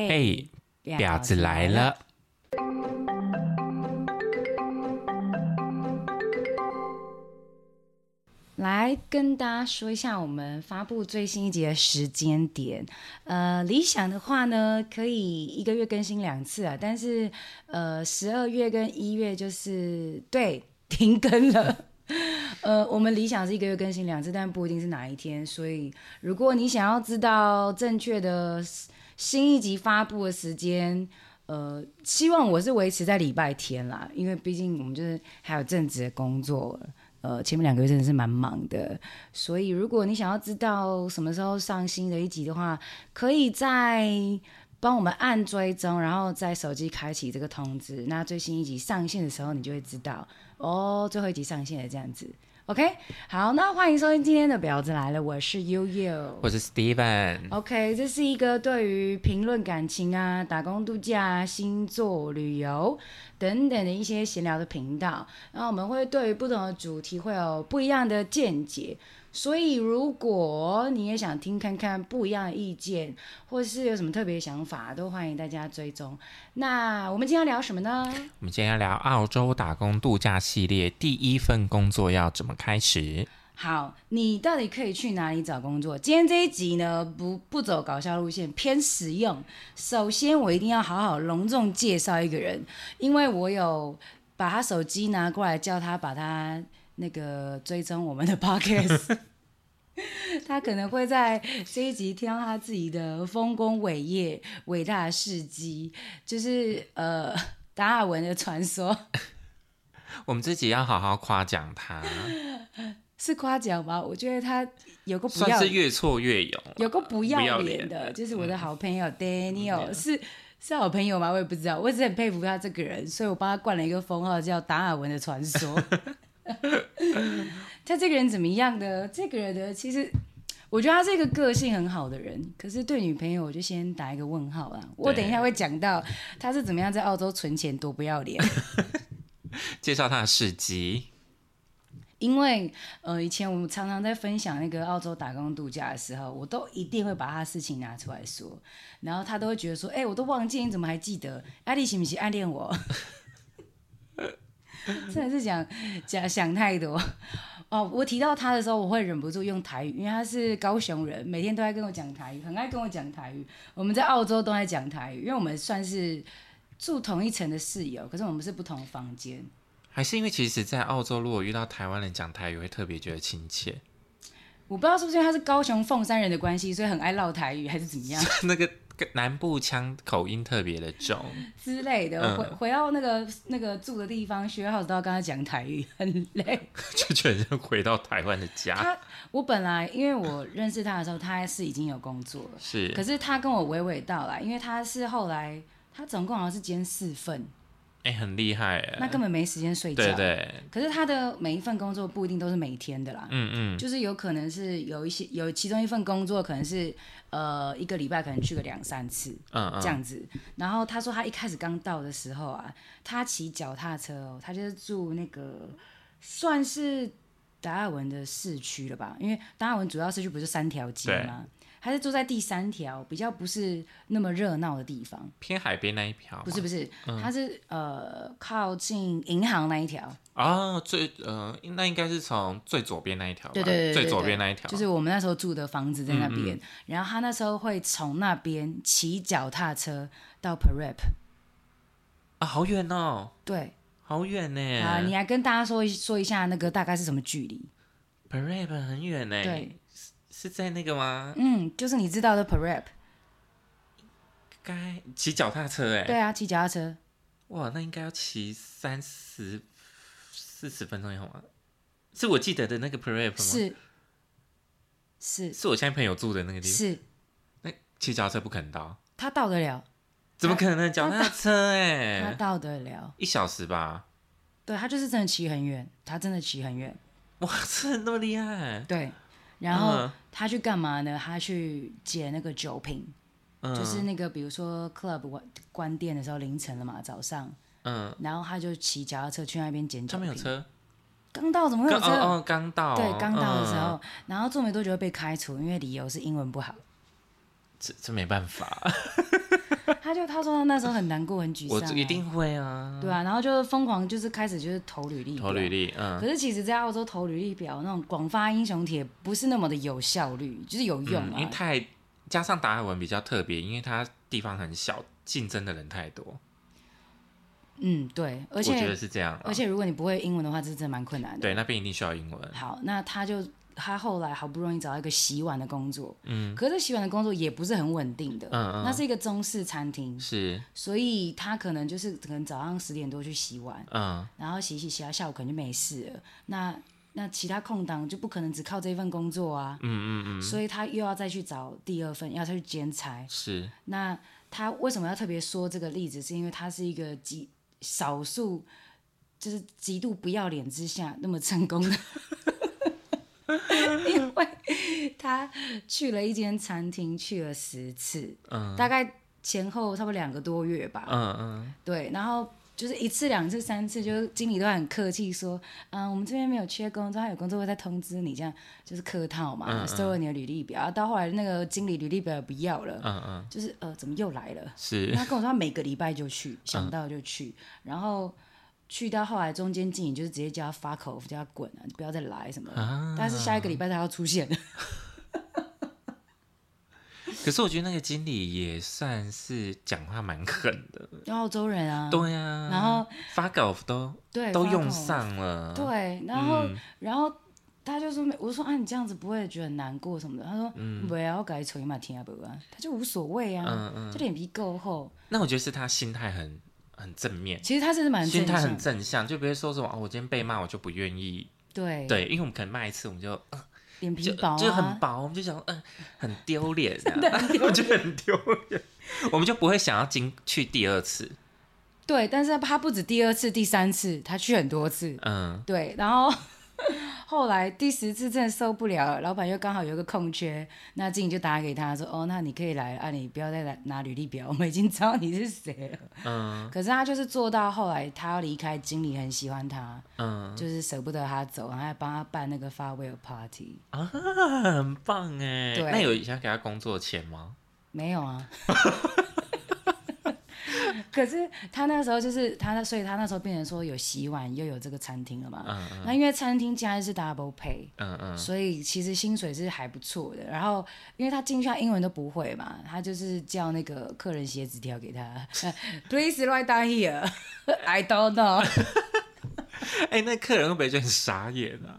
嘿，婊子來了！來跟大家說一下我們發佈最新一集的時間點。呃，理想的話呢，可以一個月更新兩次啊。但是，呃，十二月跟一月就是對，停更了。 呃，我們理想是一個月更新兩次，但不一定是哪一天。所以，如果你想要知道正確的。新一集發布的時間，呃，希望我是維持在禮拜天啦，因為畢竟我們就是還有正職的工作，呃，前面兩個月真的是蠻忙的，所以如果你想要知道什麼時候上新的一集的話，可以再幫我們按追蹤，然後在手機開啟這個通知，那最新一集上線的時候你就會知道哦，最後一集上線了這樣子。OK，好，那歡迎收聽今天的《表子來了》，我是悠悠，我是 Steven。OK，這是一個對於評論感情啊、打工度假啊、星座旅遊等等的一些閒聊的頻道，然後我們會對於不同的主題會有不一樣的見解。所以，如果你也想聽看看不一樣的意見，或是有什麼特別想法，都歡迎大家追蹤。那我們今天要聊什麼呢？我們今天要聊澳洲打工度假系列，第一份工作要怎麼開始？好，你到底可以去哪裡找工作？今天這一集呢，不不走搞笑路線，偏實用。首先，我一定要好好隆重介紹一個人，因為我有把他手機拿過來，叫他把他。那個追蹤我們的 podcast 他可能會在這一集聽到他自己的豐功偉業、偉大的事跡，就是呃達爾文的傳說。 我們自己要好好誇獎他， 是誇獎嗎？我覺得他有個不要算是越挫越勇，有個不要臉的要臉，就是我的好朋友 Daniel，嗯、Daniel 是是好朋友嗎？我也不知道，我只是很佩服他這個人，所以我幫他冠了一個封號，叫達爾文的傳說。 他這個人怎麼樣的？這個人呢，其實我覺得他是一個個性很好的人。可是對女朋友，我就先打一個問號啦。我等一下會講到他是怎麼樣在澳洲存錢，多不要臉。 介紹他的事蹟，因為呃，以前我們常常在分享那個澳洲打工度假的時候，我都一定會把他的事情拿出來說，然後他都會覺得說：“哎、欸，我都忘記，你怎麼還記得？阿麗是不是暗戀我？” 真的是講講想，想太多哦！我提到他的時候，我會忍不住用台語，因為他是高雄人，每天都在跟我講台語，很愛跟我講台語。我們在澳洲都在講台語，因為我們算是住同一層的室友，可是我們是不同房間。還是因為其實，在澳洲如果遇到台灣人講台語，會特別覺得親切。我不知道是不是因為他是高雄鳳山人的關係，所以很愛嘮台語，還是怎麼樣？ 那個。南部腔口音特別的重之類的，嗯、回回到那個那個住的地方學，學好都要跟他講台語很累， 就覺得回到台灣的家。他，我本來因為我認識他的時候，他是已經有工作了，是，可是他跟我娓娓道來，因為他是後來他總共好像是兼四份。欸，很厲害，那根本沒時間睡覺。對對。可是他的每一份工作不一定都是每天的啦。嗯嗯。就是有可能是有一些，有其中一份工作可能是，呃，一個禮拜可能去個兩三次，嗯嗯，這樣子。然後他說他一開始剛到的時候啊，他騎腳踏車哦，他就是住那個算是達爾文的市區了吧？因為達爾文主要市區不是三條街嗎？他是住在第三條比較不是那麼熱鬧的地方，偏海邊那一條？不是，不是，嗯、他是呃靠近銀行那一條。啊、哦，最呃那應該是從最左邊那一條，對,對,對,對,對,對最左邊那一條，就是我們那時候住的房子在那邊、嗯嗯。然後他那時候會從那邊騎腳踏車到 Parap 啊，好遠哦，對，好遠呢、欸。啊，你來跟大家說說一下那個大概是什麼距離 Parap 很遠呢、欸。對。是在那個嗎？嗯，就是你知道的 Parap 該騎腳踏車哎、欸。對啊，騎腳踏車。哇，那應該要騎三十四十分鐘以後啊。是我記得的那個 Parap 嗎？是，是，是我現在朋友住的那個地方。是，那騎腳踏車不肯到。他到得了？怎麼可能？腳踏車哎、欸，他到得了，一小時吧。對，他就是真的騎很遠，他真的騎很遠。哇，這麼厲害。對，然後。嗯他去幹嘛呢？他去撿那個酒瓶，嗯，就是那個比如說 club 關關店的時候凌晨了嘛，早上，嗯、然後他就騎腳踏車去那邊撿酒瓶。他沒有車，剛到怎麼會有車？哦，剛、哦、到，對，剛到的時候，嗯、然後做沒多久會被開除？因為理由是英文不好，這這沒辦法。 他就他說他那時候很難過，很沮喪、啊。我一定會啊，對啊，然後就是瘋狂，就是開始就是投履歷。投履歷，嗯。可是其實，在澳洲投履歷表那種廣發英雄帖，不是那麼的有效率，就是有用、啊嗯。因為太加上達爾文比較特別，因為它地方很小，競爭的人太多。嗯，對，而且我覺得是這樣。而且如果你不會英文的話，這是真的蠻困難的。對，那邊一定需要英文。好，那他就。他後來好不容易找到一個洗碗的工作，嗯，可是這洗碗的工作也不是很穩定的，嗯，那是一個中式餐廳，是，所以他可能就是可能早上十點多去洗碗，嗯，然後洗洗洗，他下午可能就沒事了。那那其他空檔就不可能只靠這一份工作啊，嗯嗯嗯，所以他又要再去找第二份，要再去兼差，是。那他為什麼要特別說這個例子？是因為他是一個極少數，就是極度不要臉之下那麼成功的。 因為他去了一間餐廳，去了十次、嗯，大概前後差不多兩個多月吧、嗯嗯。對，然後就是一次、兩次、三次，就是經理都很客氣說、啊：“我們這邊沒有缺工作，他有工作會再通知你。”這樣就是客套嘛，嗯嗯、收了你的履歷表。然後到後來那個經理履歷表不要了，嗯嗯、就是呃，怎麼又來了？是，他跟我說他每個禮拜就去、嗯，想到就去，然後。去到後來中間，中間經理就是直接叫他 fuck off，叫他滾了、啊，不要再來什麼。啊、但是下一個禮拜他要出現、啊。 可是我覺得那個經理也算是講話蠻狠的。澳洲人啊。對啊。然後，然後 fuck off 都對都用上了。對，然後、嗯、然後他就說：“我就說啊，你這樣子不會覺得難過什麼的。”他說：“嗯，不要改，成也買聽啊，聽不啊。”他就無所謂啊，嗯這、嗯、臉皮夠厚。那我覺得是他心態很。很正面，其實他是蠻心態很正向，就比如說什麼啊、哦，我今天被罵，我就不願意，對對，因為我們可能罵一次，我們就臉皮、呃啊、就薄，就很薄，我們就想嗯、呃，很丟臉、啊，丟臉 我覺得很丟臉， 我們就不會想要進去第二次，對，但是他不止第二次，第三次，他去很多次，嗯，對，然後。 後來第十次真的受不了了，老闆又剛好有個空缺，那經理就打給他說：“哦，那你可以來啊，你不要再來拿履歷表，我們已經知道你是誰了。”嗯，可是他就是做到後來，他要離開，經理很喜歡他，嗯，就是捨不得他走，然後還幫他辦那個 farewell party 啊，很棒耶。那有以前給他工作的錢嗎？沒有啊。 可是他那時候就是他，所以他那時候變成說有洗碗又有這個餐廳了嘛。嗯嗯。那因為餐廳加的是 double pay。嗯嗯。所以其實薪水是還不錯的。然後因為他進去他英文都不會嘛，他就是叫那個客人寫紙條給他。 Please write down here. I don't know. 哎、 欸，那客人會不會覺得很傻眼啊？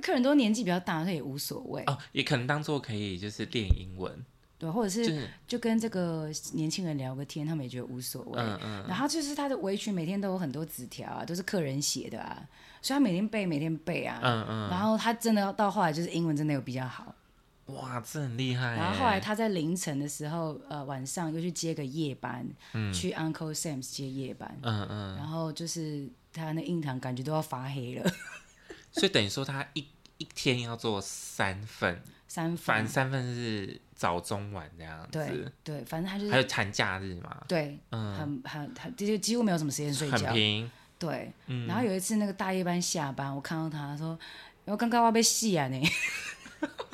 客人都年紀比較大，所以也無所謂。哦，也可能當做可以就是練英文。或者是就跟這個年輕人聊個天，他們也覺得無所謂、嗯嗯。然後就是他的圍裙每天都有很多紙條啊，都是客人寫的啊，所以他每天背，每天背啊。嗯嗯。然後他真的到後來就是英文真的有比較好。哇，這很厲害。然後後來他在凌晨的時候，呃，晚上又去接個夜班，嗯、去 Uncle Sam's 接夜班。嗯嗯。然後就是他那印堂感覺都要發黑了。嗯嗯、 所以等於說他一一天要做三份。三份。反正三份是。早中晚這樣子，對，對反正他就是還有產假日嘛，對，嗯，很很，他就幾乎沒有什麼時間睡覺，很拼，對、嗯，然後有一次那個大夜班下班，我看到他說，然後剛剛我被戲啊，你，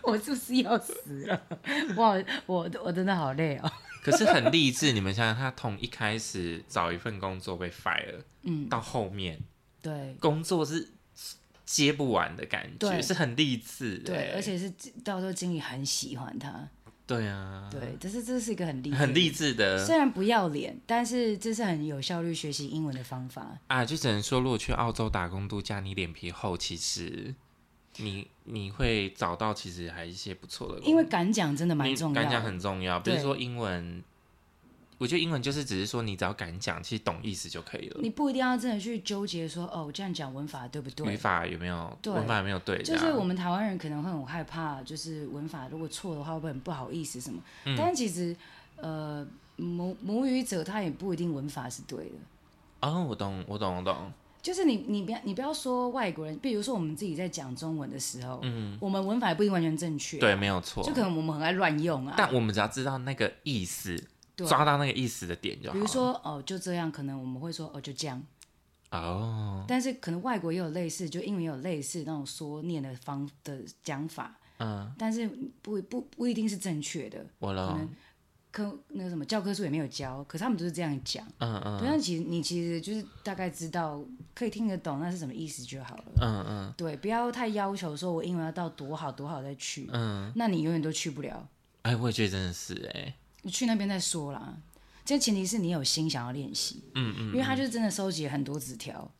我就、啊、 是，是要死了，哇，我好我，我真的好累哦、喔。可是很勵志， 你們想想，他從一開始找一份工作被 fire，嗯，到後面，對，工作是接不完的感覺，是很勵志、欸，對，而且是到時候經理很喜歡他。對啊，對，但是這是一個很勵很勵志的，雖然不要臉，但是這是很有效率學習英文的方法啊！就只能說，如果去澳洲打工度假，加你臉皮厚，其實你你會找到其實還是一些不錯的，因為敢講真的蠻重要的，要，敢講很重要，比如說英文。我覺得英文就是只是說你只要敢講，其實懂意思就可以了，你不一定要真的去糾結說哦，我這樣講文法對不對？語法有沒有？對，語法有沒有對？文法有沒有對？就是我們台灣人可能會很害怕，就是文法如果錯的話會、會很不好意思什麼。嗯。但其實，呃，母母語者他也不一定文法是對的。啊，哦，我懂，我懂，我懂。就是你，你不要你不要說外國人。比如說我們自己在講中文的時候，嗯，我們文法也不一定完全正確啊，對，沒有錯。就可能我們很愛亂用啊。但我們只要知道那個意思，抓到那個意思的點就好，比如說哦，就這樣，可能我們會說哦，就這樣。哦，但是可能外國也有類似，就英文也有類似那種說念的方的講法，嗯，但是不不不一定是正確的。的哦、可能科那個什麼教科書也沒有教，可是他們就是這樣講，嗯嗯，不像其實你其實就是大概知道可以聽得懂那是什麼意思就好了，嗯嗯，對，不要太要求說我英文要到多好多好再去，嗯，那你永遠都去不了。哎，我也覺得真的是哎、欸。去那邊再說啦，這前提是你有心想要練習，嗯，嗯嗯，因為他就是真的收集很多紙條，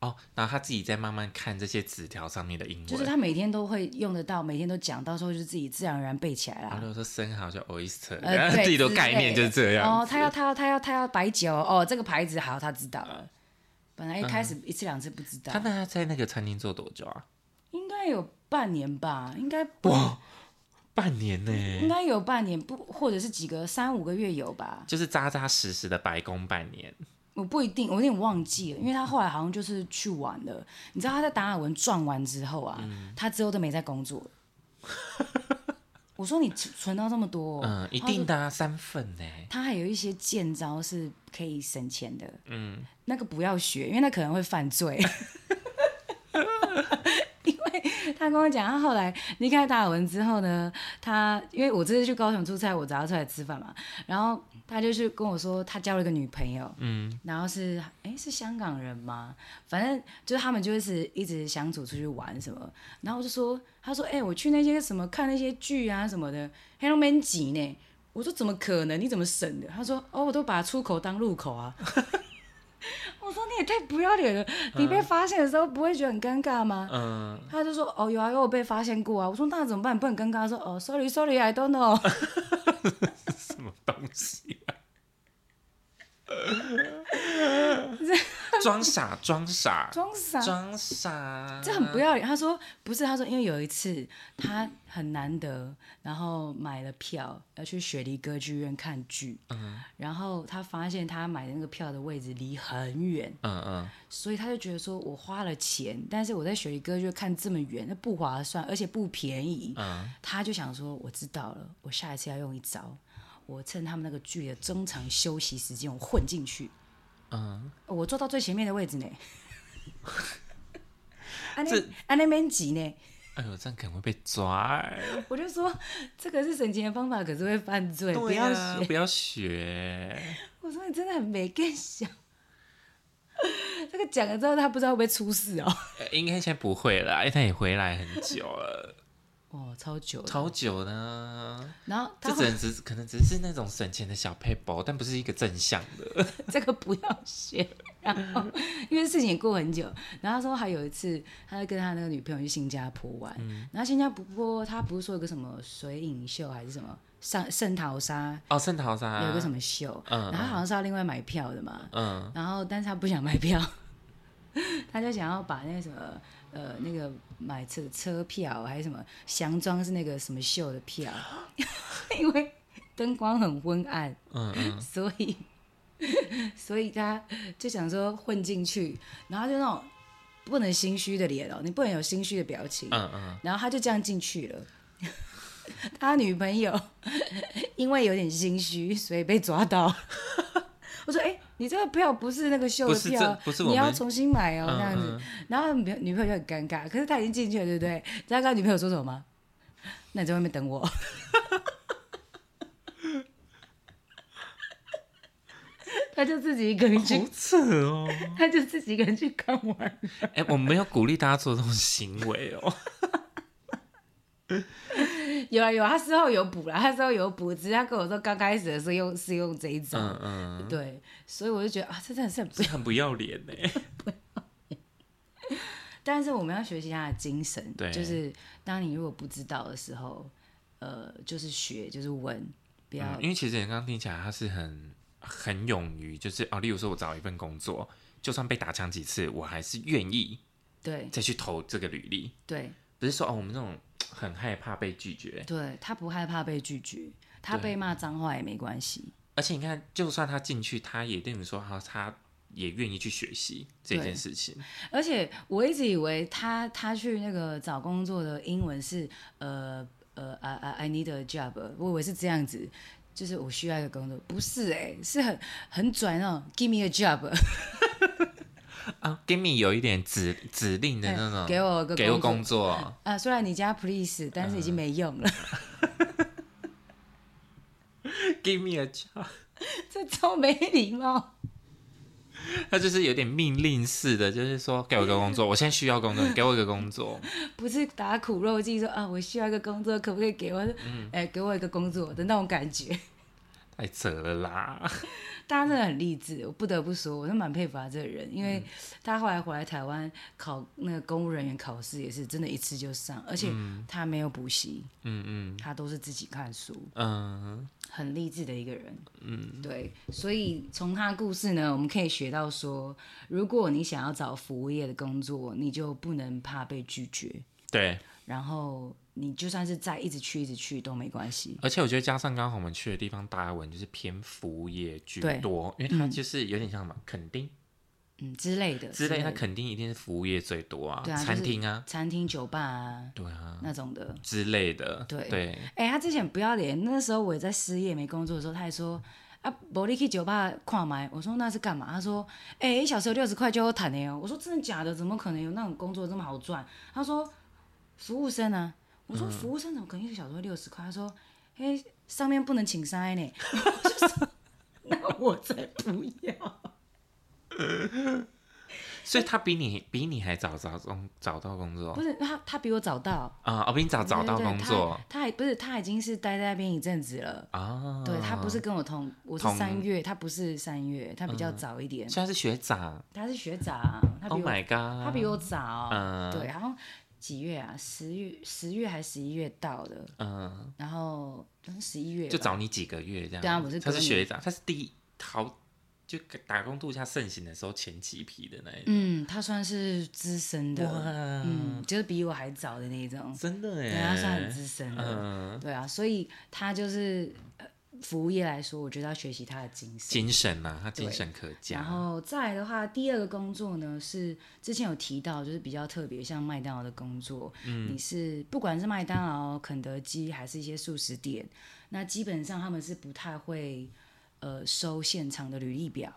哦，然後他自己在慢慢看這些紙條上面的英文，就是他每天都會用得到，每天都講，到時候就是自己自然而然背起來了。他、啊、都說生蠔叫 oyster、呃、然後自己的概念就是這樣。哦，他要他要他要他要白酒哦，這個牌子好，他知道了。本來一開始一次兩次不知道、嗯。他那在那個餐廳做多久啊？應該有半年吧，應該不。半年呢，欸，應該有半年不，或者是幾個三五個月有吧，就是扎扎實實的白工半年。我不一定，我有點忘記了，因為他後來好像就是去玩了，嗯。你知道他在達爾文轉完之後啊，嗯，他之後都沒在工作。 我說你存到這麼多，嗯，一定的，啊，三份呢。他還有一些賤招是可以省錢的，嗯，那個不要學，因為那可能會犯罪。 他跟我講，他後來離開達爾文之後呢，他因為我這次去高雄出差，我找他出來吃飯嘛，然後他就去跟我說，他交了個女朋友，嗯，然後是哎、欸、是香港人嗎？反正就是他們就是一直相處出去玩什麼，然後我就說，他說哎、欸、我去那些什麼看那些劇啊什麼的，Hello Man 幾呢？我說怎麼可能？你怎麼省的？他說哦，我都把出口當入口啊。 我說，你也太不要臉了！你被發現的時候不會覺得很尷尬嗎？嗯，他就說哦有啊有因為我、啊啊、被發現過啊。我說那怎麼辦？不很尷尬？他說哦，sorry sorry I don't know。 什麼東西、啊？裝 傻，裝傻，裝傻，裝傻，傻，這很不要臉。他說：“不是，他說因為有一次他很難得，嗯、然後買了票要去雪梨歌劇院看劇，嗯、然後他發現他買的那個票的位置離很遠，嗯嗯，所以他就覺得說我花了錢，但是我在雪梨歌劇院看這麼遠，那不划算，而且不便宜，嗯，他就想說我知道了，我下一次要用一招。”我趁他們那個劇的中場休息時間，我混進去。嗯、哦，我坐到最前面的位置呢。 這，這，這樣不用錢呢。哎呦，這樣可能會被抓。我就說，這個是省錢的方法，可是會犯罪，啊、不要學，不要學。我說你真的很沒更想。跟小 這個講了之後，他不知道會不會出事哦、喔呃？應該現在不會了，因為他也回來很久了。 哦，超久，超久呢。然後他只能只可能只是那種省錢的小配包，但不是一個正向的。 這個不要學。然後因為事情也過很久。然後他說還有一次，他就跟他那個女朋友去新加坡玩。嗯、然後新加坡他不是說有個什麼水影秀還是什麼聖聖淘沙，哦，聖淘沙有個什麼秀，嗯，然後他好像是要另外買票的嘛。嗯。然後，但是他不想買票，他就想要把那什麼。呃，那個買車車票還是什麼，佯裝是那個什麼秀的票， 因為燈光很昏暗，嗯嗯，所以所以他就想說混進去，然後就那種不能心虛的臉哦、喔，你不能有心虛的表情嗯嗯嗯，然後他就這樣進去了， 他女朋友因為有點心虛，所以被抓到， 我說哎。欸你這個票不是那個秀票，不是不是我，你要重新買哦。嗯嗯，這樣子。然後女朋友就很尷尬，可是他已經進去了，對不對？你知道他女朋友說什麼嗎？那你在外面等我。 他就自己一個人去，好蠢哦，他就自己一個人去看完。哎，欸，我沒有鼓勵大家做這種行為哦。 有啊有啊，他之後有補了，他之後有補。只是他跟我說剛開始的時候用是用這一種、嗯嗯，對，所以我就覺得啊，這真的是很不要臉 但是我們要學習他的精神對，就是當你如果不知道的時候，呃，就是學，就是問，不要、嗯。因為其實你剛剛聽起來他是很很勇於，就是哦，例如說我找一份工作，就算被打槍幾次，我還是願意對再去投這個履歷。對，不是說哦，我們這種。很害怕被拒絕，對，他不害怕被拒絕，他被罵髒話也沒關係。而且你看，就算他進去，他也對你說好，他也願意去學習這件事情。而且我一直以為他他去那個找工作的英文是呃呃，I I I need a job，我以為是這樣子，就是我需要一個工作，不是哎、欸，是很很拽那種，Give me a job。 啊、uh，give me 有一點指指令的那種，欸、給我一個給我工作啊！Uh, 雖然你家 please，但是已經沒用了。呃、 give me a job， 這超沒禮貌。他就是有點命令式的，就是說給我一個工作， 我現在需要工作，給我一個工作。不是打苦肉計，說啊，我需要一個工作，可不可以給我？哎、嗯欸，給我一個工作的那種感覺。太扯了啦！他真的很勵志，我不得不說，我是蠻佩服他這個人，因為他後來回來台灣考那個公務人員考試，也是真的一次就上，而且他沒有補習，嗯嗯，嗯，他都是自己看書，嗯、呃，很勵志的一個人，嗯，對，所以從他的故事呢，我們可以學到說，如果你想要找服務業的工作，你就不能怕被拒絕，對，然後。你就算是再一直去一直去都沒關係，而且我覺得加上剛好我們去的地方達爾文就是偏服務業居多，因為它就是有點像什麼、嗯、墾丁嗯之類的之類他肯定一定是服務業最多啊，餐廳啊、餐廳、啊就是、酒吧啊，對啊，那種的之類的，對對。哎、欸，他之前不要臉，那時候我也在失業沒工作的時候，他還說啊，我得去酒吧看嘛。我說那是幹嘛？他說哎，欸、一小時六十塊就有坦的哦。我說真的假的？怎麼可能有那種工作這麼好賺？他說服務生啊。我說：“服務生怎麼可能一個小時會六十塊？”他說：“哎，上面不能請三哎呢。 我就說”那我才不要。 所以他比你比你還早找工找到工作，不是他他比我早找到啊，我、哦、比你早找到工作。對對對他，他還不是他已經是待在那邊一陣子了啊、哦。對他不是跟我同我是三月，他不是三月，他比較早一點。嗯、他是學長，他是學長，他哦、oh my god、他比我早。嗯、對，然後。幾月啊？十月，十月還是十一月到的？嗯，然後十一月就找你幾個月這樣。對啊，我是他是學長，他是第一好，就打工度假盛行的時候前幾批的那一種。嗯，他算是資深的，嗯，就是比我還早的那種。真的哎，他算是資深的、嗯。對啊，所以他就是。嗯服務業來說，我覺得要學習他的精神。精神吶、啊，他精神可嘉。然後再來的話，第二個工作呢是之前有提到，就是比較特別，像麥當勞的工作，嗯、你是不管是麥當勞、肯德基，還是一些速食店，那基本上他們是不太會呃收現場的履歷表。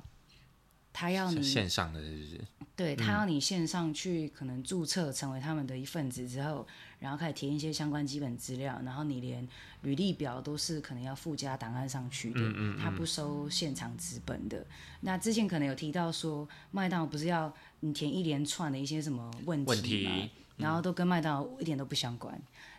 他要你線上的是，是對他要你線上去，可能註冊成為他們的一份子之後、嗯，然後開始填一些相關基本資料，然後你連履歷表都是可能要附加檔案上去的，嗯嗯嗯，他不收現場資本的。那之前可能有提到說，麥當勞不是要你填一連串的一些什麼問題嗎？嗯，然後都跟麥當勞一點都不相關。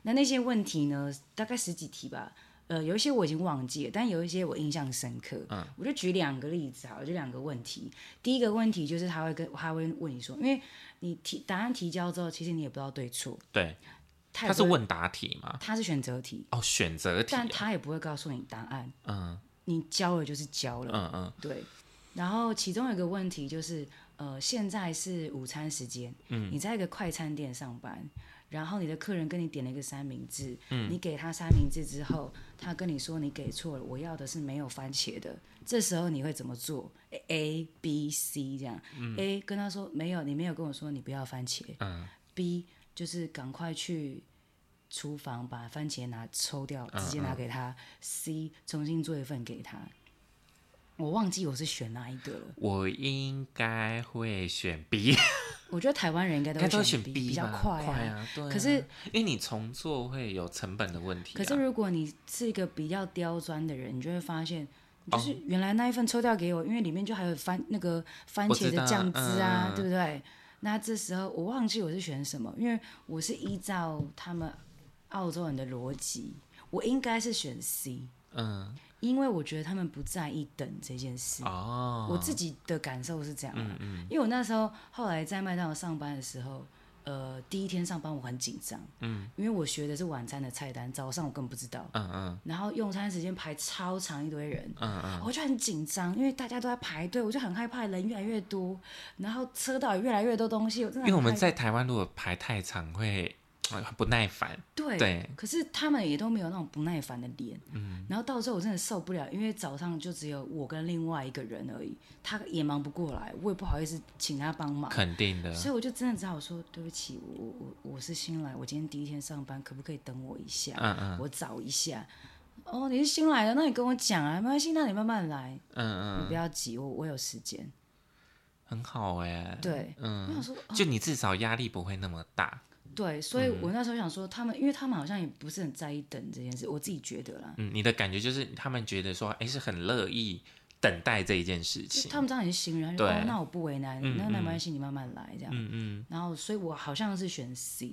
那那些問題呢，大概十幾題吧。呃，有一些我已經忘記了，但有一些我印象深刻。嗯，我就舉兩個例子好了，就兩個問題。第一個問題就是他會跟他會問你說，因為你提答案提交之後，其實你也不知道對錯。對他，他是問答題嗎？他是選擇題。哦，選擇題，但他也不會告訴你答案。嗯，你交了就是交了。嗯嗯，對。然後其中有一個問題就是，呃，現在是午餐時間，嗯，你在一個快餐店上班。然後你的客人跟你點了一個三明治，嗯，你給他三明治之後，他跟你說你給錯了，我要的是沒有番茄的。這時候你會怎麼做？A B C 這樣。嗯，A 跟他說沒有，你沒有跟我說你不要番茄。嗯，B 就是趕快去廚房把番茄拿抽掉，直接拿給他，嗯。C 重新做一份給他。我忘記我是選哪一個了。我應該會選 B。我覺得台灣人應該都，都會選 B 比較，B 比較快啊。啊、對啊、對啊、可是因為你重做會有成本的問題、啊。可是如果你是一個比較刁鑽的人，你就會發現、哦，就是原來那一份抽掉給我，因為裡面就還有番那個番茄的醬汁啊、嗯，對不對？那這時候我忘記我是選什麼，因為我是依照他們澳洲人的邏輯，我應該是選 C。嗯。因為我覺得他們不在意等這件事，oh, 我自己的感受是這樣、啊嗯嗯。因為我那時候後來在麥當勞上班的時候，呃，第一天上班我很緊張、嗯，因為我學的是晚餐的菜單，早上我根本不知道。嗯嗯、然後用餐時間排超長，一堆人，嗯、我就很緊張，因為大家都在排隊，我就很害怕人越來越多，然後車道也越來越多東西。因為我們在台灣如果排太長會。很、哦、不耐煩，對，對可是他們也都沒有那種不耐煩的臉，嗯，然後到時候我真的受不了，因為早上就只有我跟另外一個人而已，他也忙不過來，我也不好意思請他幫忙，肯定的，所以我就真的只好說對不起，我我我是新來，我今天第一天上班，可不可以等我一下？嗯嗯，我找一下。哦，你是新來的，那你跟我講啊，沒關係，那你慢慢來，嗯嗯，你不要急，我我有時間，很好哎、欸，對，嗯，我想說，就你至少壓力不會那麼大。對，所以我那時候想說，他們、嗯，因為他們好像也不是很在意等這件事，我自己覺得啦。嗯，你的感覺就是他們覺得說，哎，是很樂意等待這一件事情。他們當然也是行，人，後就哦，那我不為難，嗯、那沒關係、嗯，你慢慢來這樣、嗯嗯。然後，所以我好像是選 C，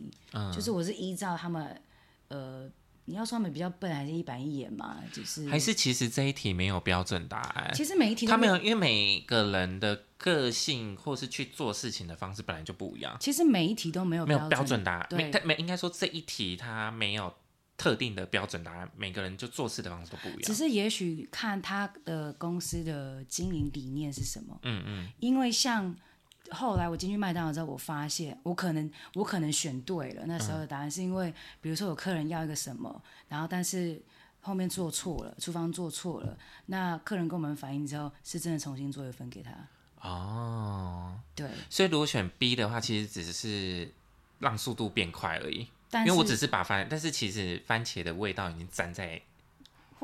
就是我是依照他們，嗯、呃。你要說他們比較笨，還是一板一眼嘛？就是還是其實這一題沒有標準答案。其實每一題都沒有他沒有，因為每個人的個性或是去做事情的方式本來就不一樣。其實每一題都沒有沒有標準答案。對，他沒應該說這一題他沒有特定的標準答案。每個人就做事的方式都不一樣。只是也許看他的公司的經營理念是什麼。嗯嗯，因為像。後來我進去麥當勞之後，我發現我可能我可能選對了那時候的答案，是因為、嗯、比如說有客人要一個什麼，然後但是後面做錯了，廚房做錯了，那客人跟我們反映之後，是真的重新做一份給他。哦，對。所以如果選 B 的話，其實只是讓速度變快而已，因為我只是把番，但是其實番茄的味道已經沾在。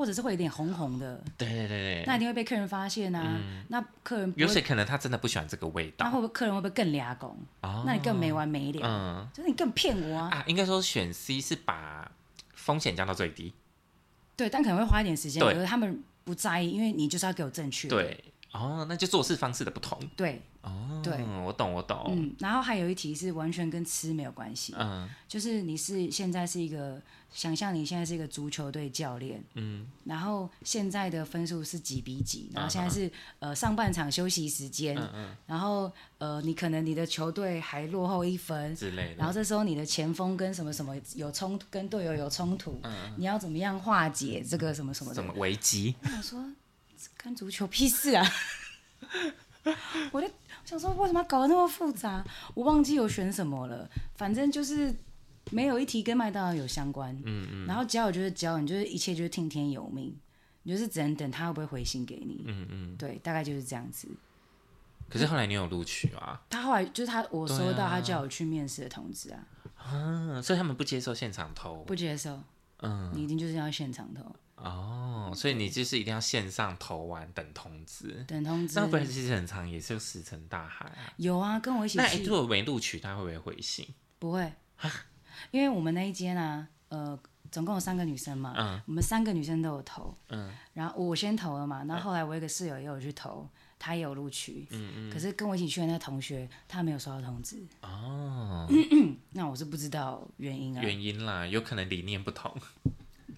或者是會有點紅紅的，對對對，對那一定會被客人發現啊！嗯、那客人有些可能他真的不喜歡這個味道，他會不會客人會不會更抓狂？哦，那你更沒完沒了，嗯，就是你更騙我啊！啊應該說選 C 是把風險降到最低，對，但可能會花一點時間。對，他們不在意，因為你就是要給我正確，對，哦，那就做事方式的不同，對。哦、oh，對，我懂，我懂。嗯，然後還有一題是完全跟吃沒有關係，嗯，就是你是現在是一個想象你現在是一個足球隊教練，嗯，然後現在的分數是幾比幾，然後現在是、嗯、呃上半場休息時間，嗯嗯、然後呃你可能你的球隊還落後一分之類的，然後這時候你的前鋒跟什麼什麼有衝突，跟隊友有衝突、嗯嗯，你要怎麼樣化解這個什麼什麼什麼，什麼危機？我想說跟足球屁事啊， 我的。我想說，為什麼搞得那麼複雜？我忘記有選什麼了。反正就是沒有一題跟麥當勞有相關。嗯嗯。然後教我覺、就、得、是，教你就是一切就是聽天由命，你就是只能等他會不會回信給你。嗯嗯。對，大概就是這樣子。可是後來你有錄取啊？他後來就是他，我收到他叫我去面試的通知啊。嗯、啊啊，所以他們不接受現場投，不接受。嗯，你一定就是要現場投。哦、oh, okay.，所以你就是一定要線上投完等通知，等通知，那不然其實很長，也是石沉大海啊。有啊，跟我一起去。那、欸、如果沒錄取，他會不會回信？不會，因為我們那一間啊，呃，總共有三個女生嘛、嗯，我們三個女生都有投，嗯，然後我先投了嘛，然後後來我一個室友也有去投，她、嗯、也有錄取，嗯，嗯，可是跟我一起去的那同學，她沒有收到通知。哦咳咳，那我是不知道原因啊，原因啦，有可能理念不同。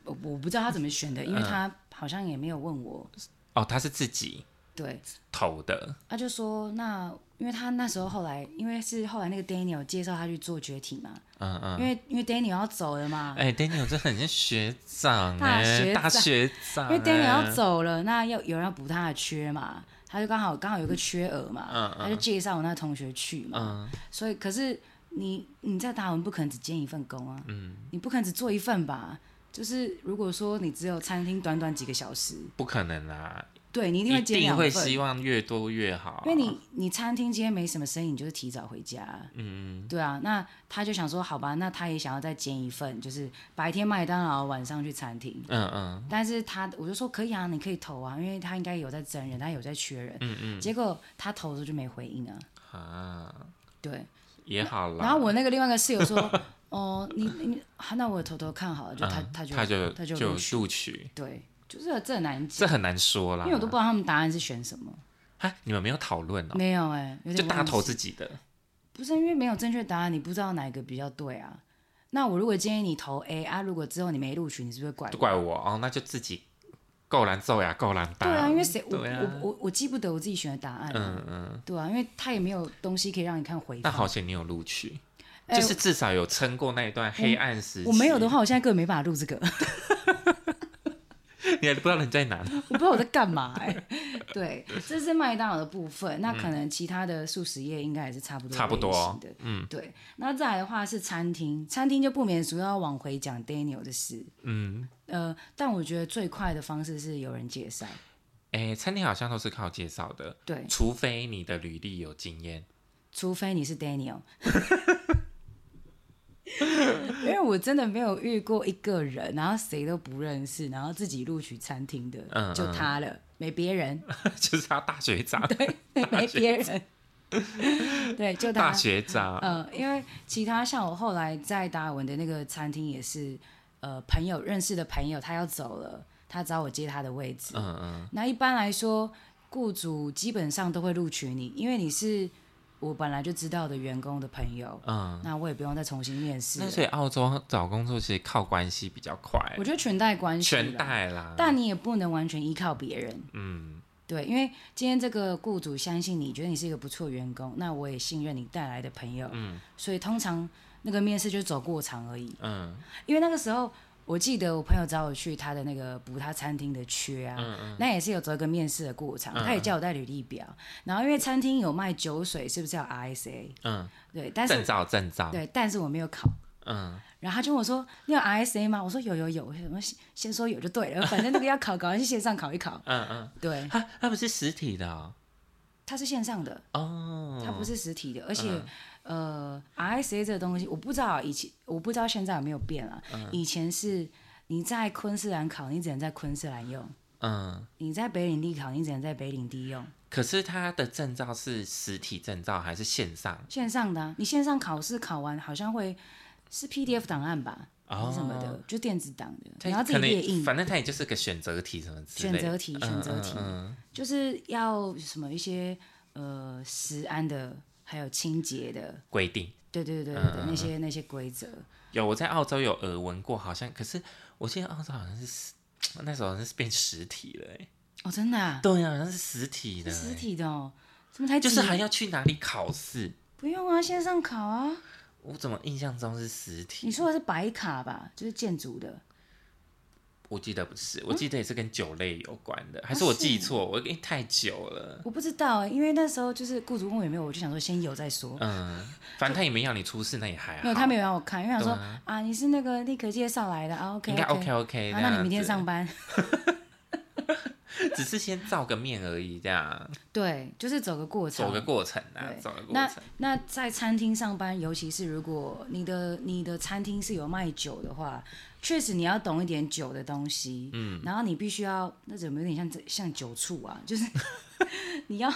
我不知道他怎麼選的，因為他好像也沒有問我。嗯、哦，他是自己對投的對。他就說：“那因為他那時候後來，因為是後來那個 Daniel 介紹他去做絕體嘛，嗯嗯。因為因為 Daniel 要走了嘛，哎、欸、Daniel 這很像學長哎、欸，大學長，大學長、欸。因為 Daniel 要走了，那要有人要補他的缺嘛，他就剛好剛好有個缺額嘛、嗯嗯，他就介紹我那同學去嘛，嗯、所以可是你你在達爾文不可能只兼一份工啊，嗯，你不可能只做一份吧？就是如果說你只有餐廳短短幾個小時，不可能啊！對你一定會兼兩份，一定會希望越多越好。因為你你餐廳今天沒什麼生意，你就是提早回家。嗯嗯。對啊，那他就想說，好吧，那他也想要再兼一份，就是白天麥當勞，晚上去餐廳。嗯嗯。但是他我就說可以啊，你可以投啊，因為他應該有在徵人，他有在缺人。嗯嗯。結果他投的時候就沒回應啊。啊。對。也好了。然後我那個另外一個室友說。 哦，你你，那我偷偷看好了，就他、嗯、他就他就就錄取，取，對，就是這，這很難，這很難說啦，因為我都不知道他們答案是選什麼啊，你們沒有討論啊？沒有哎、欸，就大家投自己的，不是因為沒有正確答案，你不知道哪一個比較對啊？那我如果建議你投 A 啊，如果之後你沒錄取，你是不是怪就怪我哦？那就自己夠難做呀，夠難答。對啊，因為誰我、啊、我我，我，我記不得我自己選的答案，嗯嗯，對啊，因為他也沒有東西可以讓你看回，那好險你有錄取。就是至少有撐過那一段黑暗時期、欸。我沒有的話，我現在根本沒辦法錄這個。 你還不知道人在哪？我不知道我在幹嘛、欸 對。對，這是麥當勞的部分、嗯。那可能其他的速食業應該也是差不多差不多，嗯，對。那再來的話是餐廳，餐廳就不免俗要往回講 Daniel 的事。嗯。呃，但我覺得最快的方式是有人介紹。哎、欸，餐廳好像都是靠介紹的。對，除非你的履歷有經驗，除非你是 Daniel。 因 為我真的沒有遇過一個人，然後誰都不認識，然後自己錄取餐廳的嗯，嗯，就他了，沒別人， 就是他大學長，對，沒別人， 對，就他大學長。嗯，因為其他像我後來在達爾文的那個餐廳也是，呃、朋友認識的朋友他要走了，他找我接他的位置。嗯嗯。那一般來說，雇主基本上都會錄取你，因為你是。我本來就知道的員工的朋友，嗯，那我也不用再重新面試。所以澳洲找工作其實靠關係比較快。我覺得裙帶關係，裙帶啦。但你也不能完全依靠別人，嗯，對，因為今天這個雇主相信你覺得你是一個不錯員工，那我也信任你帶來的朋友，嗯，所以通常那個面試就是走過場而已，嗯，因為那個時候。我記得我朋友找我去他的那個補他餐廳的缺啊、嗯嗯，那也是有做一個面試的過程，他也叫我帶履歷表、嗯，然後因為餐廳有賣酒水，是不是要 RSA？嗯，對，證照證照，對，但是我沒有考。嗯，然後他就問我說：“你有 RSA 嗎？”我說：“有有有，什麼先說有就對了，反正那個要考，搞 完去線上考一考。”嗯嗯，對。他他不是實體的、哦，他是線上的哦，他不是實體的，而且。嗯呃，RSA 這個東西我不知道，以前我不知道現在有沒有變了、嗯。以前是你在昆士蘭考，你只能在昆士蘭用；嗯，你在北領地考，你只能在北領地用。可是它的證照是實體證照還是線上？線上的、啊，你線上考試考完好像會是 PDF 檔案吧？哦，什麼的，就電子檔的、哦。然後自己列印，反正它也就是個選擇題什麼之類的。選擇題，選擇題、嗯嗯嗯嗯，就是要什麼一些呃，食安的。還有清潔的規定，對對對，對，對、嗯、那些那些規則。有我在澳洲有耳聞過，好像。可是我記得澳洲好像是那時候好像是變實體了哎、欸，哦真的、啊，對呀、啊，好像是實體的、欸，實體的、喔，怎麼才就是還要去哪裡考試？不用啊，線上考啊。我怎麼印象中是實體？你說的是白卡吧？就是建築的。我記得不是，我記得也是跟酒類有關的，嗯、還是我記錯、啊？我因為，太久了，我不知道，因為那時候就是雇主問我有沒有，我就想說先有再說。嗯，反正他也沒讓你出事，那也還好。沒有，他沒有讓我看，因為想說啊，啊，你是那個立刻介紹來的啊 okay,，OK，應該 OK OK，、啊、那你明天上班， 只是先照個面而已，這樣。 對，就是走個過程，走個過程啊，走個過程。那那在餐廳上班，尤其是如果你的你的餐廳是有賣酒的話。確實你要懂一點酒的東西，嗯，然後你必須要那種有點像像酒醋啊，就是 你要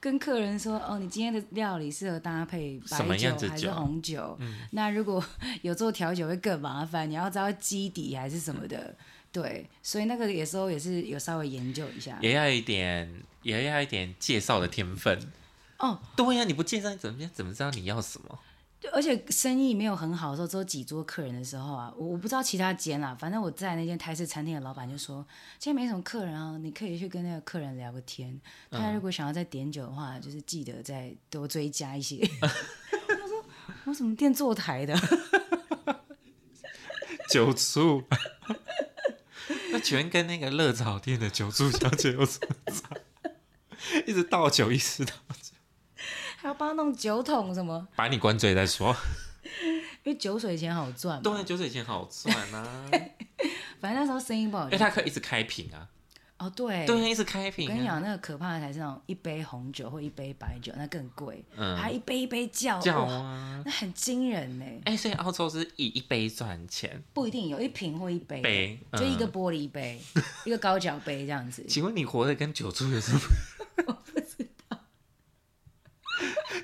跟客人說哦，你今天的料理適合搭配白酒還是紅酒、酒？那如果有做調酒會更麻煩，你要知道基底還是什麼的。嗯、對，所以那個有時候也是有稍微研究一下，也要一點也要一點介紹的天分。哦，對呀、啊，你不介紹怎麼怎麼知道你要什麼？對，而且生意沒有很好的時候，只有幾桌客人的時候啊，我不知道其他間啦。反正我在那間台式餐廳的老板就說：“今天沒什麼客人啊，你可以去跟那個客人聊個天。他、嗯、如果想要再點酒的話，就是記得再多追加一些。嗯”他說：“我什麼店坐台的 酒促醋？”那全跟那個熱炒店的酒促小姐有什麼差一直倒酒一直倒。要幫他弄酒桶什麼？把你灌醉再說 。因為酒水錢好賺嘛，當然酒水錢好賺啊 。反正那時候聲音不好，因為他可以一直開瓶啊。哦，對，對，一直開一瓶，啊。我跟你講，那個可怕的才是那種一杯紅酒或一杯白酒，那更貴，嗯，還一杯一杯叫叫啊，那很驚人呢。哎、欸，所以澳洲是以一杯賺錢，不一定有一瓶或一杯，杯、嗯，就一個玻璃杯， 一個高腳杯這樣子。請問你活得跟酒助有什麼？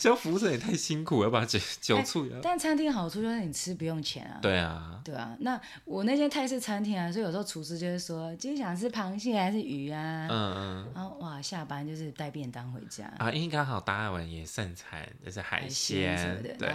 這扶着也太辛苦了，要把嚼嚼醋，但餐廳好處就是你吃不用錢啊。對啊，對啊。那我那些泰式餐廳啊，所以有時候廚師就會說，今天想吃螃蟹還是魚啊？嗯嗯。然後哇，下班就是帶便當回家啊，因為剛好達爾文也盛產就是海鮮。對，是是的。對，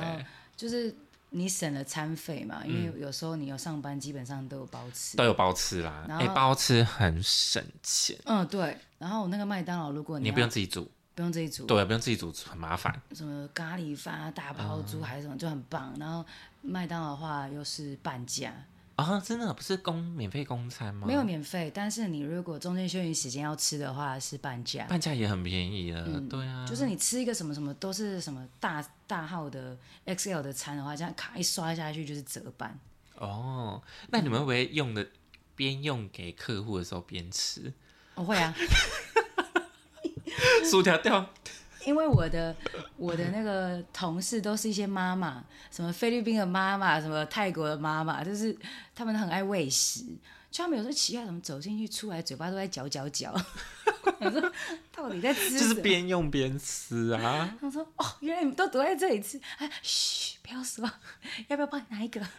就是你省了餐費嘛，因為有時候你要上班，基本上都有包吃，都有包吃啦。你、欸、包吃很省錢。嗯，對。然後我那個麥當勞，如果你，你不用自己煮。不用自己煮，對，不用自己煮很麻煩。什麼咖喱飯啊、大泡豬還是什麼、嗯，就很棒。然後麥當勞的話，又是半價。啊，真的不是供免費供餐嗎？沒有免費，但是你如果中間休息時間要吃的話，是半價。半價也很便宜了，嗯、對啊。就是你吃一個什麼什麼都是什麼大大號的 XL 的餐的話，這樣卡一刷下去就是折半。哦，那你們會不會用的、嗯、邊用給客戶的時候邊吃？我會啊。 薯條掉，因為我的我的那個同事，都是一些媽媽，什麼菲律賓的媽媽，什麼泰國的媽媽，就是他們很愛餵食，就他們有時候奇怪，怎麼走進去、出來嘴巴都在嚼嚼嚼。我 說，到底在吃？就是邊用邊吃啊。他說，哦，原來你們都躲在這裡吃。哎、啊，噓，不要說，要不要幫你拿一個？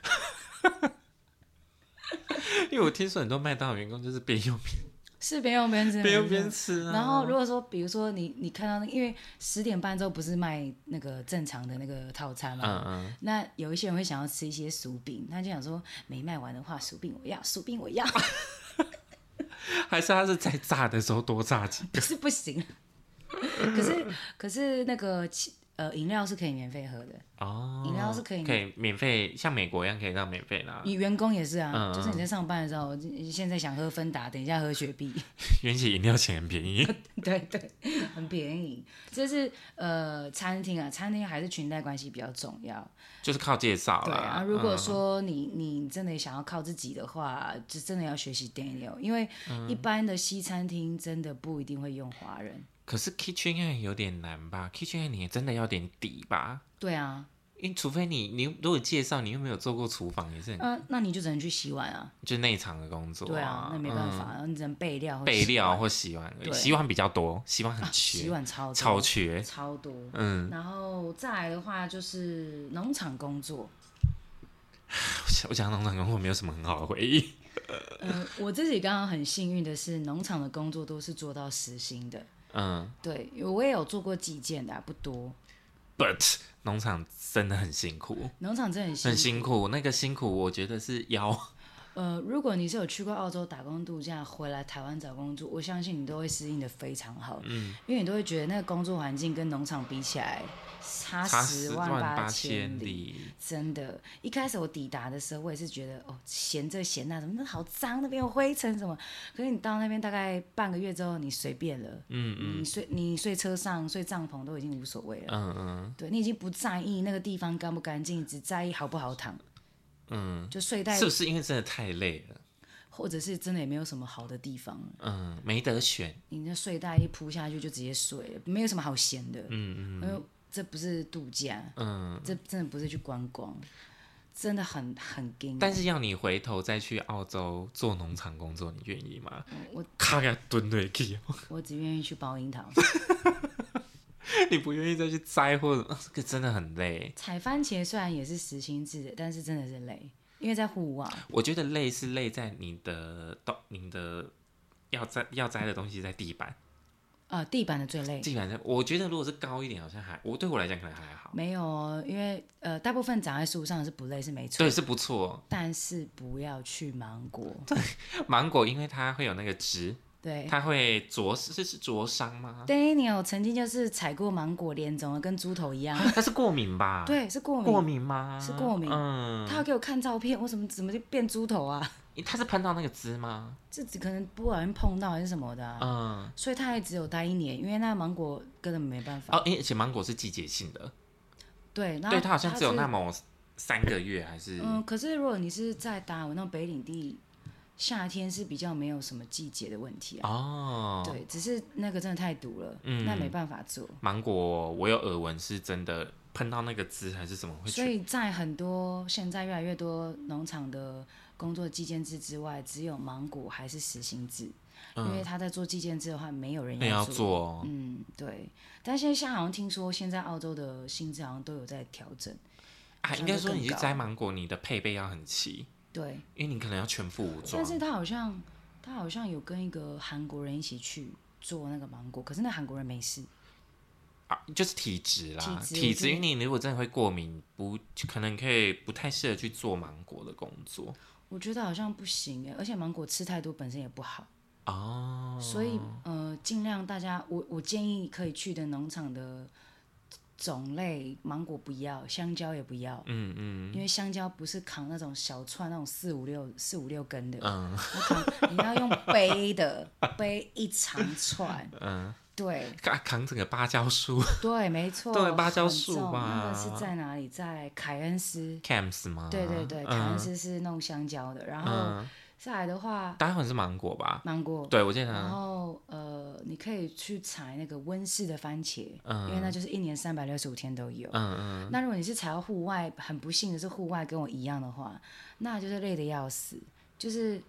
因為我聽說很多麥當勞員工就是邊用邊。是邊用邊吃，邊用邊吃。然後如果說，比如說你你看到那，因為十點半之後不是賣那個正常的那個套餐嘛，嗯嗯，那有一些人會想要吃一些薯餅，他就想說沒賣完的話，薯餅我要，薯餅我要。 還是他是在炸的時候多炸幾？不是不行。可是 可是那個。呃，飲料是可以免費喝的哦，飲、oh, 料是可以免費，像美國一樣可以讓免費拿、啊。員工也是啊、嗯，就是你在上班的時候，嗯、現在想喝芬達，等一下喝雪碧。而且飲料錢很便宜， 對對，很便宜。這是呃，餐廳啊，餐廳還是裙帶關係比較重要，就是靠介紹、啊。對啊，如果說你、嗯、你真的想要靠自己的話，就真的要學習 Daniel，因為一般的西餐廳真的不一定會用華人。可是 kitchen 應該有點難吧？kitchen 你也真的要點底吧？對啊，因為除非你你如果介紹你又沒有做過廚房也是很嗯、呃，那你就只能去洗碗啊，就內場的工作、啊。對啊，那沒辦法了、嗯，你只能備料、備料或洗碗，洗碗比較多，洗碗很缺，啊、洗碗超超缺，超多。嗯，然後再來的話就是農場工作， 我想我想農場工作沒有什麼很好的回憶。 呃，我自己剛剛很幸運的是，農場的工作都是做到實心的。嗯，對，我也有做過計件的、啊，不多。But 農場真的很辛苦，農場真的很辛苦很辛苦。那個辛苦，我覺得是腰。呃，如果你是有去過澳洲打工度假，回來台灣找工作，我相信你都會適應的非常好。嗯，因為你都會覺得那個工作環境跟農場比起來差十，差十萬八千里。真的，一開始我抵達的時候，我也是覺得哦，嫌這嫌那，怎麼都好髒，那邊有灰塵什麼。可是你到那邊大概半個月之後，你隨便了。嗯嗯。你睡你睡車上睡帳篷都已經無所謂了。嗯嗯。對，你已經不在意那個地方乾不乾淨，你只在意好不好躺。嗯，就睡袋，是不是因為真的太累了，或者是真的也沒有什麼好的地方？嗯，沒得選，你那睡袋一鋪下去就直接睡了，沒有什麼好嫌的。嗯嗯嗯，這不是度假，嗯，這真的不是去觀光，真的很很驚。但是要你回頭再去澳洲做農場工作，你願意嗎？嗯、我，給蹲去，我只願意去包櫻桃。 你不願意再去摘，或者這個真的很累。採番茄雖然也是時薪制的，但是真的是累，因為在戶外、啊。我覺得累是累在你的你的要摘要摘的東西在地板。啊、呃，地板的最累。地板上，我覺得如果是高一點，好像還我對我來講可能還好。沒有哦，因為呃，大部分長在樹上是不累，是沒錯。對，是不錯。但是不要去芒果。 對，芒果因為它會有那個汁。對，他會灼傷，這是灼傷嗎？Daniel 曾經就是採過芒果，臉腫的跟豬頭一樣。他是過敏吧？對，是過敏。過敏嗎？是過敏。嗯，他要給我看照片，我怎麼怎麼就變豬頭啊？他是噴到那個汁嗎？這只可能不小心碰到還是什麼的、啊。嗯，所以他也只有待一年，因為那個芒果根本沒辦法。哦，因為而且芒果是季節性的。對，然後對他好像只有那麼三個月還是,、就是？嗯，可是如果你是在達爾文那北領地。夏天是比較沒有什麼季節的問題啊、哦，對，只是那個真的太毒了，那、嗯、沒辦法做。芒果我有耳聞是真的，噴到那個汁還是怎麼回事？所以在很多現在越來越多農場的工作計件制之外，只有芒果還是實薪制，嗯，因為他在做計件制的話，沒有人要做。嗯，嗯對。但現在像好像聽說現在澳洲的薪資好像都有在調整。啊，應該、啊、說你去摘芒果，你的配備要很齊。對，因為你可能要全副武裝。但是他好像，他好像有跟一個韓國人一起去做那個芒果，可是那韓國人沒事啊，就是體質啦。體質，因為你如果真的會過敏，不，可能可以不太適合去做芒果的工作。我覺得好像不行耶，而且芒果吃太多本身也不好啊，哦。所以呃，盡量大家，我我建議可以去的農場的。種類芒果不要，香蕉也不要。嗯嗯，因為香蕉不是扛那種小串那種四五六四五六根的，嗯、你要用背的背 一長串。嗯，對，扛整個芭蕉樹。對，沒錯。對芭蕉樹。那個是在哪裡？在凱恩斯。Cairns 嗎？對對對，凱、嗯、恩斯是弄香蕉的，然後。嗯下來的話，大部分是芒果吧，芒果。對，我經常。然後，呃，你可以去採那個溫室的番茄，嗯、因為那就是一年三百六十五天都有。嗯，嗯嗯。那如果你是採到戶外，很不幸的是，戶外跟我一樣的話，那就是累得要死，就是。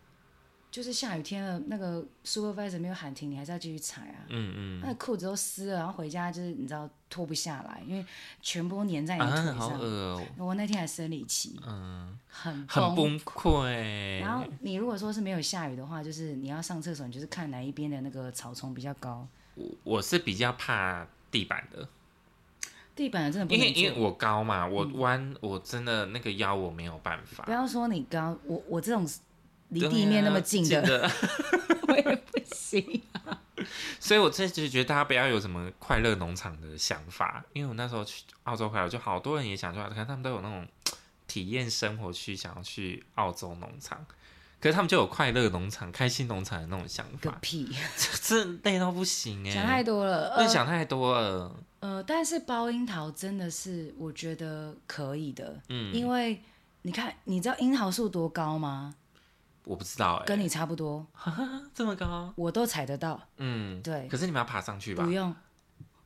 就是下雨天了，那個 supervisor 沒有喊停，你還是要繼續踩啊。嗯嗯。那褲子都濕了，然後回家就是你知道脫不下來，因為全部粘在你的腿上。啊啊、好惡喔！我那天還生理期。嗯。很很崩潰。然後你如果說是沒有下雨的話，就是你要上廁所，你就是看哪一邊的那個草叢比較高。我我是比較怕地板的。地板的真的不因為，因為我高嘛，我彎、嗯、我真的那個腰我沒有辦法。不要說你高，我我這種。離地面那麼近的，啊，近 我也不行，啊、 所以，我這就覺得大家不要有什麼快樂農場的想法，因為我那時候去澳洲回來，就好多人也想出來，可是他們都有那種體驗生活去，想要去澳洲農場，可是他們就有快樂農場、開心農場的那種想法，個屁，這 累到不行哎，欸，想太多了，又想太多了。呃，呃呃但是包櫻桃真的是我覺得可以的，嗯，因為你看，你知道櫻桃樹多高嗎？我不知道、欸，哎，跟你差不多呵呵，這麼高，我都踩得到。嗯，對。可是你們要爬上去吧？不用，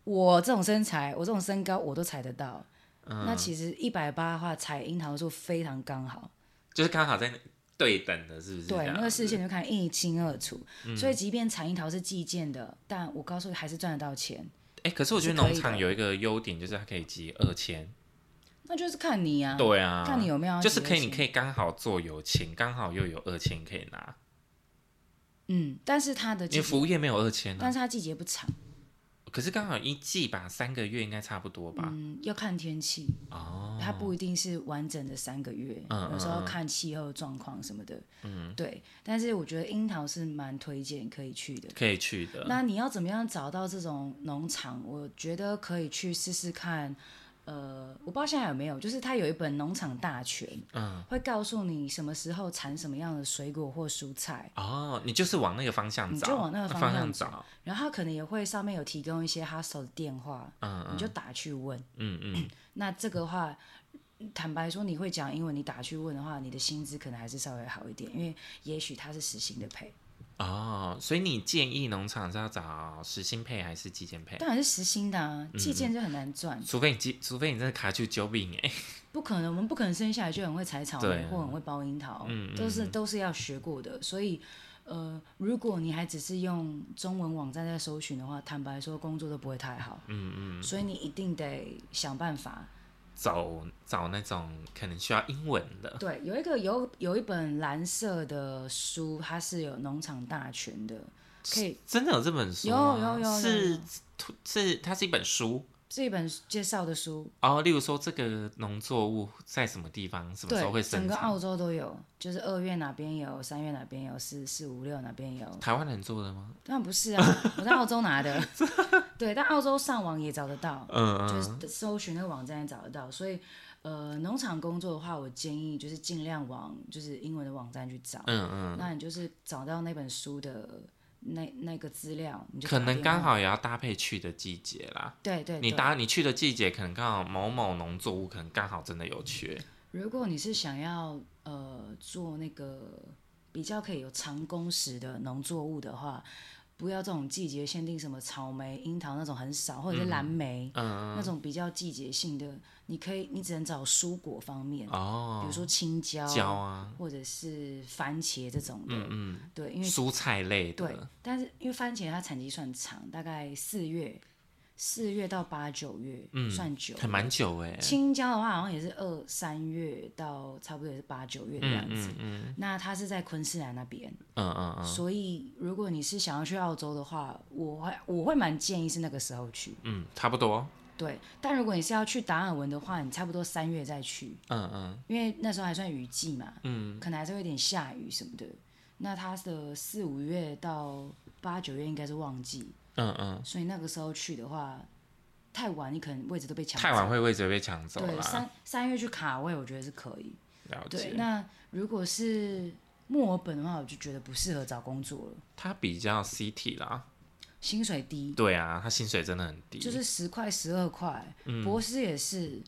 我這種身材，我這種身高，我都踩得到。嗯、那其實一百八的話，採櫻桃樹非常剛好，就是剛好在對等的，是不是？對，那個視線就看一清二楚。嗯、所以，即便採櫻桃是計件的，但我告訴你，還是賺得到錢。哎、欸，可是我覺得農場有一個優點，就是它可以集二簽。那就是看你啊，對啊，看你有沒有，就是可以，你可以剛好做友情，剛好又有二千可以拿。嗯，但是它的你服務業沒有二千、啊，但是它季節不長，可是剛好一季吧，三個月應該差不多吧。嗯，要看天氣哦，它、oh、不一定是完整的三個月，嗯嗯，有時候看氣候狀況什麼的。嗯，對，但是我覺得櫻桃是蠻推薦可以去的，可以去的。那你要怎麼樣找到這種農場？我覺得可以去試試看。呃，我不知道現在有沒有，就是他有一本農場大全，嗯，會告訴你什麼時候產什麼樣的水果或蔬菜。哦，你就是往那個方向找，你就往那個方向找。向找然後可能也會上面有提供一些 hostel 的電話，嗯，嗯你就打去問，嗯嗯。 那這個話，坦白說，你會講英文，你打去問的話，你的薪資可能還是稍微好一點，因為也許他是時薪的 pay。哦，所以你建議農場是要找時薪配還是計件配？當然是時薪的啊，計件就很難賺，除非你除非你真的卡住，酒餅哎，不可能，我們不可能生下來就很會採草莓或很會包櫻桃，嗯嗯，都是都是要學過的。所以呃，如果你還只是用中文網站在搜尋的話，坦白說工作都不會太好，嗯嗯，所以你一定得想辦法。找找那種可能需要英文的。對，有一個有有一本藍色的書，它是有農場大全的，可以，真的有這本書嗎？有有有，有，有，有，是是，是它是一本書。這一本介紹的書哦，例如說這個農作物在什麼地方，什麼時候會生長？整個澳洲都有，就是二月哪邊有，三月哪邊有，四四五六哪邊有。台灣人做的嗎？當然不是啊， 我在澳洲拿的。 對，但澳洲上網也找得到，嗯、嗯，就是搜尋那個網站也找得到。所以，呃，農場工作的話，我建議就是盡量往就是英文的網站去找，嗯嗯、嗯，那你就是找到那本書的。那那個資料，可能剛好也要搭配去的季節啦。對對，對，你搭你去的季節，可能剛好某某農作物可能剛好真的有缺。如果你是想要呃做那個比較可以有長工時的農作物的話。不要這種季節限定什麼草莓、櫻桃那種很少，或者是藍莓、嗯呃、那種比較季節性的。你可以，你只能找蔬果方面，哦、比如說青椒、椒、啊，或者是番茄這種的。嗯嗯、對，因為蔬菜類的。對，但是因為番茄它產期算長，大概四月。四月到八九月，嗯、算久，還蠻久哎，欸。青椒的話，好像也是二三月到差不多也是八九月的這樣子。嗯嗯嗯、那它是在昆士蘭那邊，嗯嗯嗯。所以如果你是想要去澳洲的話，我我會蠻建議是那個時候去。嗯，差不多。對，但如果你是要去達爾文的話，你差不多三月再去。嗯嗯。因為那時候還算雨季嘛，嗯。可能還是會有點下雨什麼的。那它的四五月到八九月應該是旺季。嗯嗯，所以那個時候去的話，太晚你可能位置都被搶。太晚會位置被搶走。對，三三月去卡位，我覺得是可以。了解。對，那如果是墨爾本的話，我就覺得不適合找工作了。他比較 city 啦，薪水低。對啊，他薪水真的很低，就是十塊、十二塊。博士也是，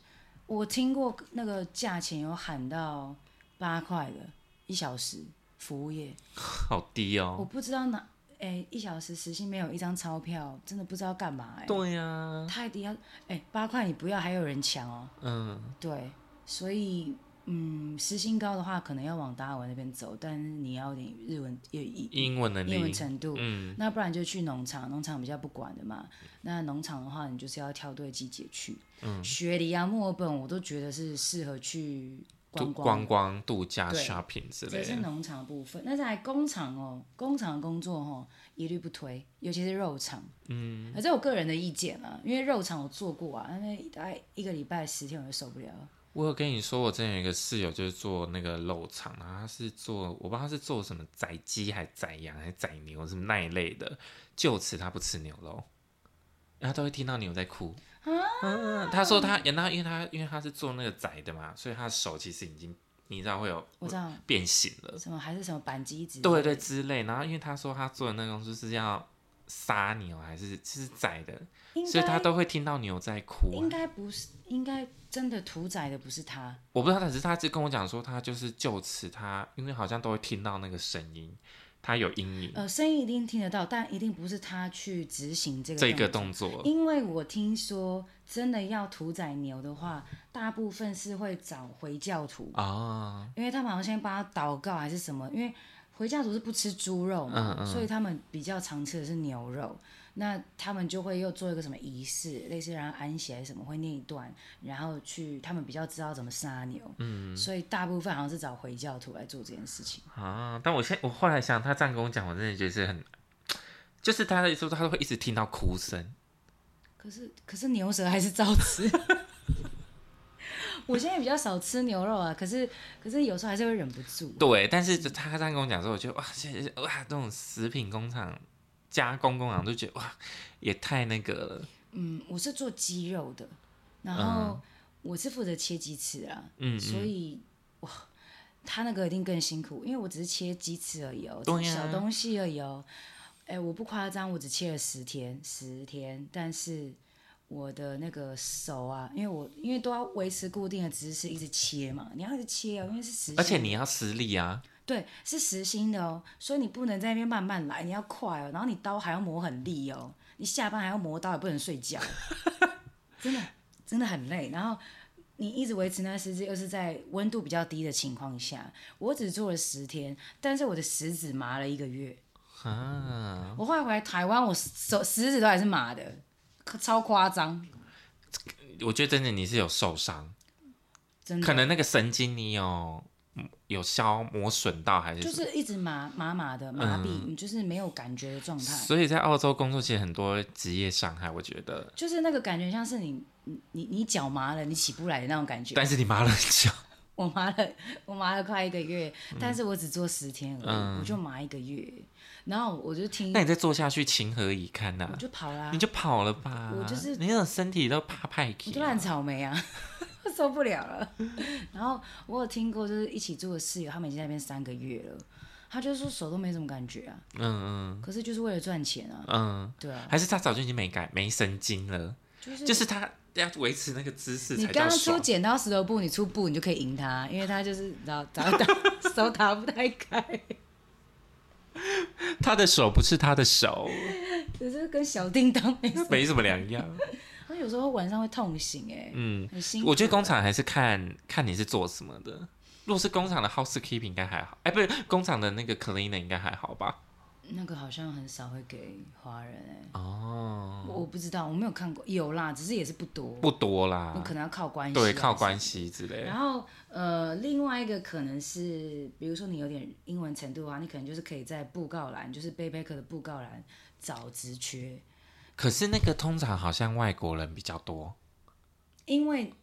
我聽過那個價錢有喊到八塊的，一小時服務業。好低哦，我不知道哪。哎、欸，一小時時薪沒有一張鈔票，真的不知道幹嘛、欸。對呀、啊。太低要哎，八、欸、塊你不要，還有人搶哦、喔。嗯。對，所以嗯，時薪高的話，可能要往達爾文那邊走，但是你要點日文，英文的英文程度、嗯。那不然就去農場，農場比較不管的嘛。嗯、那農場的話，你就是要挑對季節去。嗯。雪梨啊，墨爾本，我都覺得是適合去。觀光，觀光、度假、shopping 之類的，這是農場部分。那在工廠哦，工廠工作哦，一律不推，尤其是肉廠。嗯，反正我個人的意見啊，因為肉廠我做過啊，因為大概一個禮拜十天我就受不了。我有跟你說，我之前有一個室友就是做那個肉廠啊，他是做我不知道他是做什麼宰雞、雞還宰羊還、還宰牛什麼那一類的，就此他不吃牛肉。然後都會聽到牛在哭。嗯，他說他，然後因為他因為他是做那個宰的嘛，所以他的手其實已經你知道會有，我知道變形了。什麼還是什麼板機之類的？對，對對之類。然後因為他說他做的那種就是要殺牛還是是宰的，所以他都會聽到牛在哭啊。應該不是，應該真的屠宰的不是他。我不知道，可是他只跟我講說他就是就此他，因為好像都會聽到那個聲音。他有陰影，呃，聲音一定聽得到，但一定不是他去執行這個這個動作。因為我聽說，真的要屠宰牛的話，大部分是會找回教徒啊，哦，因為他們好像先幫他禱告還是什麼，因為回教徒是不吃豬肉嘛，嗯嗯，所以他們比較常吃的是牛肉。那他們就會又做一個什麼儀式，類似讓安息來什麼，會念一段，然後去他們比較知道怎麼殺牛，嗯，所以大部分好像是找回教徒來做這件事情。啊！但我現在我後來想，他這樣跟我講，我真的覺得是很，就是他在說他都會一直聽到哭聲。可是可是牛舌還是照吃。 我現在比較少吃牛肉啊，可是可是有時候還是會忍不住。對，是但是他這樣跟我講的時候，我覺得哇哇這種食品工廠。加工工，啊，就覺得哇，也太那個了。嗯，我是做雞肉的，然後我是負責切雞翅啊。嗯，所以哇，他那個一定更辛苦，因為我只是切雞翅而已，哦，啊、小東西而已哦。哎、欸，我不誇張，我只切了十天，十天，但是我的那個手啊，因為我因為都要維持固定的姿勢一直切嘛，你要一直切啊，哦，因為是而且你要實力啊。對，是實心的哦，所以你不能在那邊慢慢來，你要快哦。然後你刀還要磨很利哦，你下班還要磨刀，也不能睡覺， 真的真的很累。然後你一直維持那個姿勢，又是在溫度比較低的情況下，我只做了十天，但是我的食指麻了一個月。啊！我後來回來台灣，我手食指都還是麻的，超誇張。我覺得真的你是有受傷，真的可能那個神經你有。有消磨損到，還是就是一直麻麻麻的麻痹、嗯，就是沒有感覺的狀態。所以在澳洲工作其實很多職業傷害，我覺得就是那個感覺像是你你你腳麻了，你起不來的那種感覺。但是你麻了腳，我麻了，我麻了快一個月，嗯、但是我只做十天而已、嗯，我就麻一個月，然後我就聽。那你再做下去，情何以堪吶、啊？我就跑啦，你就跑了吧。我，我就是那種身體都怕派 Q，我爛草莓啊。受不了了，然後我有聽過，就是一起住的室友，他們已經在那邊三個月了，他就說手都沒什麼感覺啊，嗯嗯，可是就是為了賺錢啊，嗯，對啊，還是他早就已經沒感沒神經了，就是就是他要維持那個姿勢，你剛剛出剪刀石頭布，你出布你就可以贏他，因為他就是你知道手打不太開， 他的手不是他的手，只是跟小叮噹沒什麼， 沒什麼兩樣。 有時候晚上會痛醒哎、欸，嗯，很辛苦，我覺得工廠還是看看你是做什麼的。如果是工廠的 housekeeping 應該還好，哎、欸，不是工廠的那個 cleaner 應該還好吧？那個好像很少會給華人哎、欸，哦，我，我不知道，我沒有看過，有啦，只是也是不多，不多啦，可能要靠關係，對，靠關係之類的。然後呃，另外一個可能是，比如說你有點英文程度的話，你可能就是可以在布告欄，就是 backpacker 的布告欄找職缺。可是那個通常好像外國人比較多，因為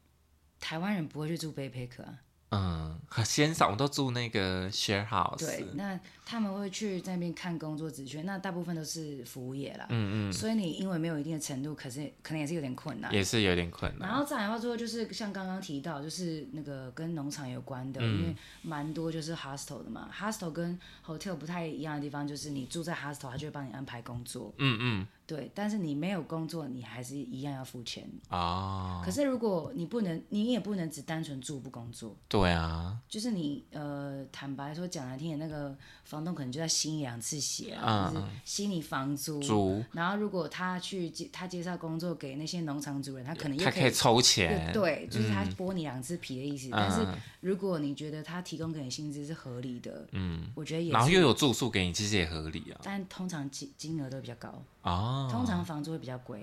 台灣人不會去住背包客，嗯，很少，我們都住那個 share house。對，那他們會去那邊看工作職缺，那大部分都是服務業啦，嗯嗯。所以你因為沒有一定的程度，可是可能也是有點困難，也是有點困難。然後再來說，就是像剛剛提到，就是那個跟農場有關的，嗯、因為蠻多就是 hostel 的嘛，hostel 跟 hotel 不太一樣的地方就是你住在 hostel，他就會幫你安排工作，嗯嗯。對，但是你沒有工作，你還是一樣要付錢啊。Oh. 可是如果你不能，你也不能只單純住不工作。對啊，就是你呃，坦白說，講難聽點，那個房東可能就要吸你兩次血啊，吸、嗯就是、你房租，租。然後如果他去他介紹工作給那些農場主人，他可能又可，可以抽錢。對，就是他剝你兩次皮的意思、嗯。但是如果你覺得他提供給你薪資是合理的，嗯，我覺得也是，然後又有住宿給你，其實也合理啊。但通常金金額都比較高、Oh. 通常房租會比較貴，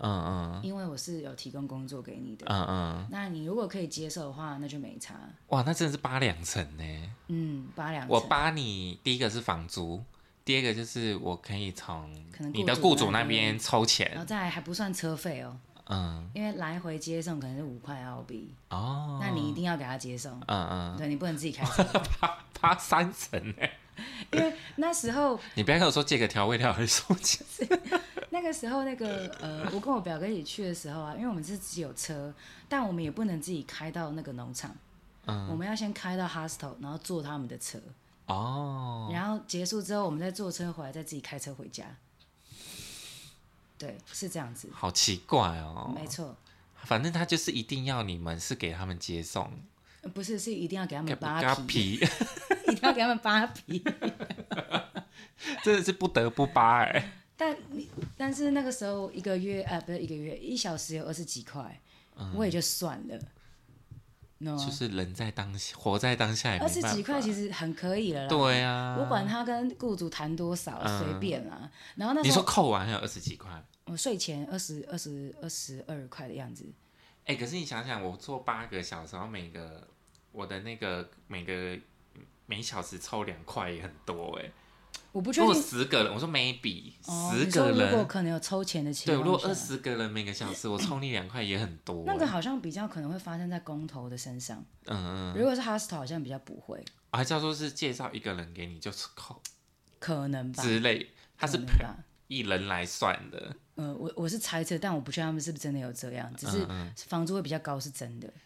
嗯嗯，因為我是有提供工作給你的，嗯嗯，那你如果可以接受的話，那就沒差。哇，那真的是扒兩成呢，欸，嗯，扒兩層。我扒你第一個是房租，第二個就是我可以從可你的雇主那邊，那邊抽錢，然後再還不算車費哦，嗯，因為來回接送可能是五塊澳幣哦，那你一定要給他接送，嗯嗯，對，你不能自己開車，扒 扒三成 因為那時候， 你不要跟我說這個調味料還，還是什麼？那個時候，那個呃，我跟我表哥一起去的時候啊，因為我們是自己有車，但我們也不能自己開到那個農場，嗯，我們要先開到 hostel，然後坐他們的車哦，然後結束之後，我們再坐車回來，再自己開車回家。對，是這樣子，好奇怪哦，沒錯，反正他就是一定要你們是給他們接送，不是，是一定要給他們扒皮。 一 定要給他們扒皮， 真的是不得不扒哎、欸。 但你但是那個時候一個月呃、啊、不是一個月一小時有二十幾塊、嗯，我也就算了。No, 就是人在當下活在當下，二十幾塊其實很可以了啦。對啊，我管他跟雇主談多少隨便啦，隨便啊。然後那時候你說扣完還有二十幾塊？我稅前二十二十二十二塊的樣子。哎、欸，可是你想想，我做八個小時，然後每個我的那個每個。每小時抽兩塊也很多哎、欸，我不確定。如果十個人，我說 maybe、哦、十個人，如果可能有抽錢的錢，對，如果二十個人每個小時我抽你兩塊也很多、欸。 那個好像比較可能會發生在工頭的身上，嗯嗯。如果是 hostel，好像比較不會。啊、哦，還叫做是介紹一個人給你就 call, 是扣，可能吧之類，他是一人來算的。呃、嗯，我我是猜測，但我不確定他們是不是真的有這樣，只是房租會比較高是真的。嗯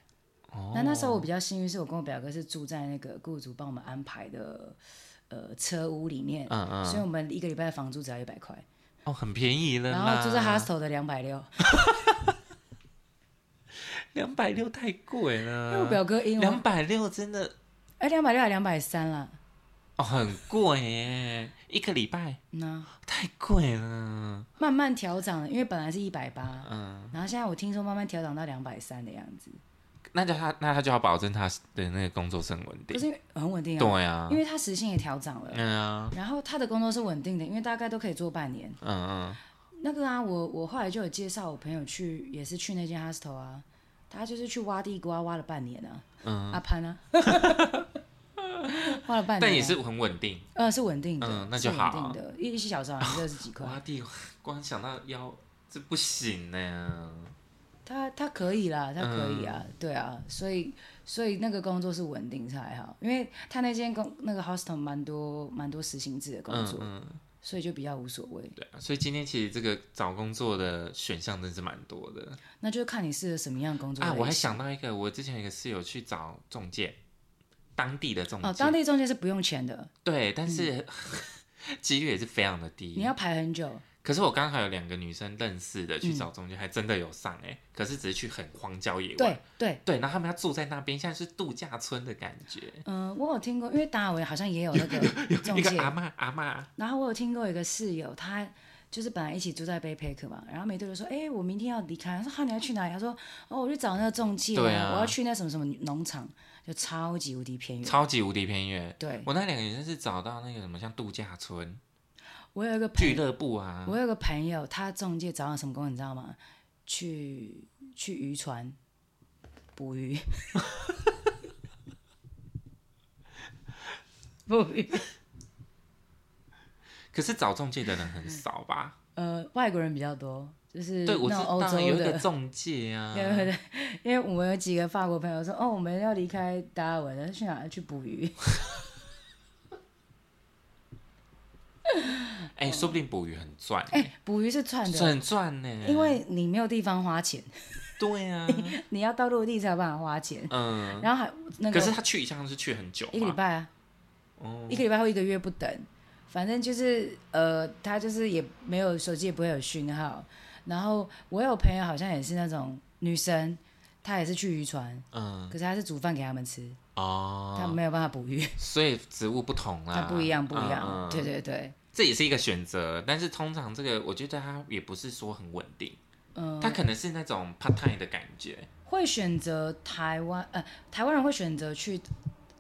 那時候我比較幸運，是我跟我表哥是住在那個僱主幫我們安排的、呃、車屋裡面嗯嗯，所以我們一個禮拜的房租只要一百塊，哦，很便宜的。然後住在 hostel 的兩百六，兩百六太貴了。因為我表哥因為兩百六真的，哎、欸，兩百六還兩百三啦，哦，很貴耶， 一個禮拜那、嗯啊，太貴了，慢慢調漲，因為本來是一百八，嗯，然後現在我聽說慢慢調漲到兩百三的樣子。那他那他就要保證他的那個工作是很穩定，就是很穩定啊。對啊，因為他時薪也調漲了。嗯啊，然後他的工作是穩定的，因為大概都可以做半年。嗯嗯，那個啊，我我後來就有介紹我朋友去，也是去那間 hostel 啊，他就是去挖地瓜挖了半年呢、啊。嗯，阿、啊、潘啊， 挖了半年、啊，但也是很穩定嗯，是穩定的，那就好。穩定的，一一小時好像是幾塊？哦、挖地瓜，光想到腰這不行呢、欸。他他可以啦，他可以啊，嗯、對啊，所以所以那個工作是穩定才好，因為他那間工那個 hostel 蠻多蠻多實行制的工作，嗯嗯、所以就比較無所謂。對啊，所以今天其實這個找工作的選項真是蠻多的，那就看你適合什麼樣的工作啊。我還想到一個，我之前有一個室友去找中介，當地的中介、哦、當地中介是不用錢的，對，但是幾、嗯、 率也是非常的低，你要排很久。可是我剛好有兩個女生認識的去找中介、嗯，還真的有上哎、欸。可是只是去很荒郊野外，對對對。然後他們要住在那邊，像是度假村的感覺。嗯，我有聽過，因為達爾文好像也有那個中介一個阿媽阿媽。然後我有聽過一個室友，他就是本來一起住在背包客嘛，然後沒多久說，哎、欸，我明天要離開。她說哈，她你要去哪裡？他說哦、喔，我去找那個中介對、啊，我要去那什麼什麼農場，就超級無敵偏遠，超級無敵偏遠。對我那兩個女生是找到那個什麼像度假村。我有一個朋友，俱樂部啊、我有一個朋友，他中介找到什麼工作你知道嗎？去去漁船捕魚， 捕魚。 可是找中介的人很少吧、嗯？呃，外國人比較多，就是那種歐洲的中介啊。對對對， 因為我們有幾個法國朋友說：“哦，我們要離開達爾文了，去哪去捕魚？” 欸、說不定捕魚很賺、欸。哎、欸，捕魚是賺的，很賺呢、欸。因為你沒有地方花錢，對呀、啊， 你要到陸地才有辦法花錢。嗯，然後還那個，可是他去一趟是去很久，一禮拜，啊，一個禮拜或、啊嗯、一,一個月不等，反正就是呃，他就是也沒有手機，也不會有訊號。然後我有朋友好像也是那種女生，她也是去漁船，嗯，可是她是煮飯給他們吃，哦、嗯，她沒有辦法捕魚，所以職務不同啊，它不，不一樣，不一樣，對對對。這也是一個選擇，但是通常這個我覺得它也不是說很穩定，嗯、呃，它可能是那種 part time 的感覺。會選擇台灣呃，台灣人會選擇去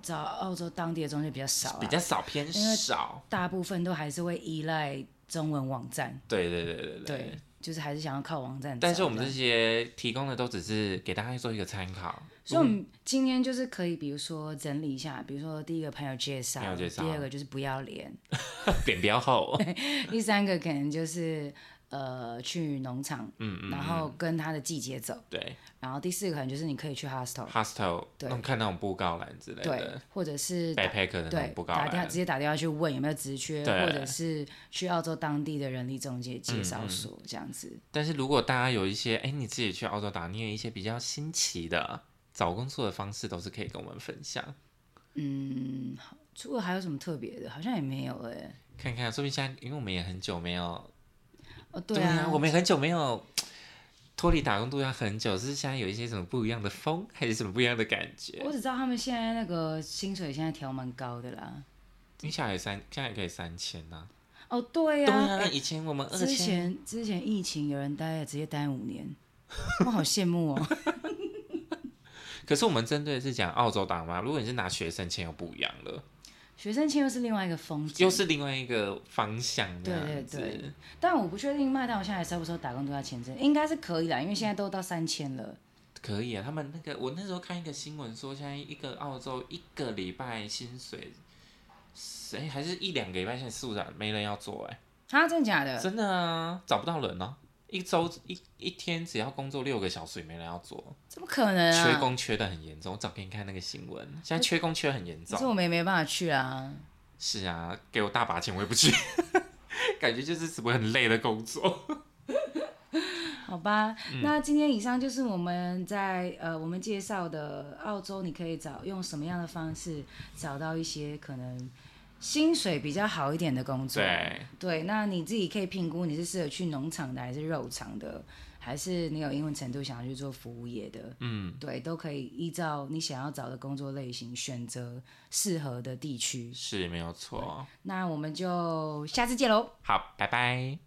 找澳洲當地的中介比較少、啊，比較少偏少，大部分都還是會依賴中文網站。對對對對對，對就是還是想要靠網站。但是我們這些提供的都只是給大家做一個參考。所以我們今天就是可以，比如說整理一下，比如說第一個朋友介紹，第二個就是不要臉， 扁標後，第三個可能就是呃去農場，嗯，然後跟他的季節走，對，然後第四個可能就是你可以去 hostel，hostel，Hostel，對，那看那種佈告欄之類的，對，或者是背包客的布告，打電話，直接打電話去問有沒有職缺，或者是去澳洲當地的人力中介介紹所這樣子。但是如果大家有一些，哎、欸，你自己去澳洲打，你有一些比較新奇的。找工作的方式都是可以跟我們分享。嗯，好，除了還有什麼特別的？好像也沒有哎、欸。看看，說不定現在，因為我們也很久沒有，哦，對啊，對啊，我們也很久沒有脫離打工度假很久，是現在有一些什麼不一樣的風，還是什麼不一樣的感覺？我只知道他們現在那個薪水現在調蠻高的啦。你現在三，現在也可以三千吶、啊？哦，對呀、啊，對、啊欸、以前我們二之前之前疫情有人待了直接待五年，我好羨慕哦。 可是我們針對的是講澳洲打工，如果你是拿學生簽又不一樣了，學生簽又是另外一個風，又是另外一個方向。對對對，但我不確定麥當勞現在還收不收打工度假簽證，應該是可以啦，因為現在都到三千了。可以啊，他們那個我那時候看一個新聞說，現在一個澳洲一個禮拜薪水，哎，還是一兩個禮拜現在素長沒人要做哎、欸。啊，真假的？真的啊，找不到人了、啊。一周一一天只要工作六個小時也沒人要做，怎麼可能啊？缺工缺得很嚴重，我找給你看那個新聞。現在缺工缺得很嚴重，可是我們也沒辦法去啊。是啊，給我大把錢我也不去， 感覺就是什麼很累的工作。 好吧，那今天以上就是我們在呃我們介紹的澳洲，你可以找用什麼樣的方式找到一些可能，薪水比較好一點的工作，對，對那你自己可以評估你是適合去農場的，還是肉廠的，還是你有英文程度想要去做服務業的，嗯，對，都可以依照你想要找的工作類型選擇適合的地區，是，沒有錯。那我們就下次見嘍，好，拜拜。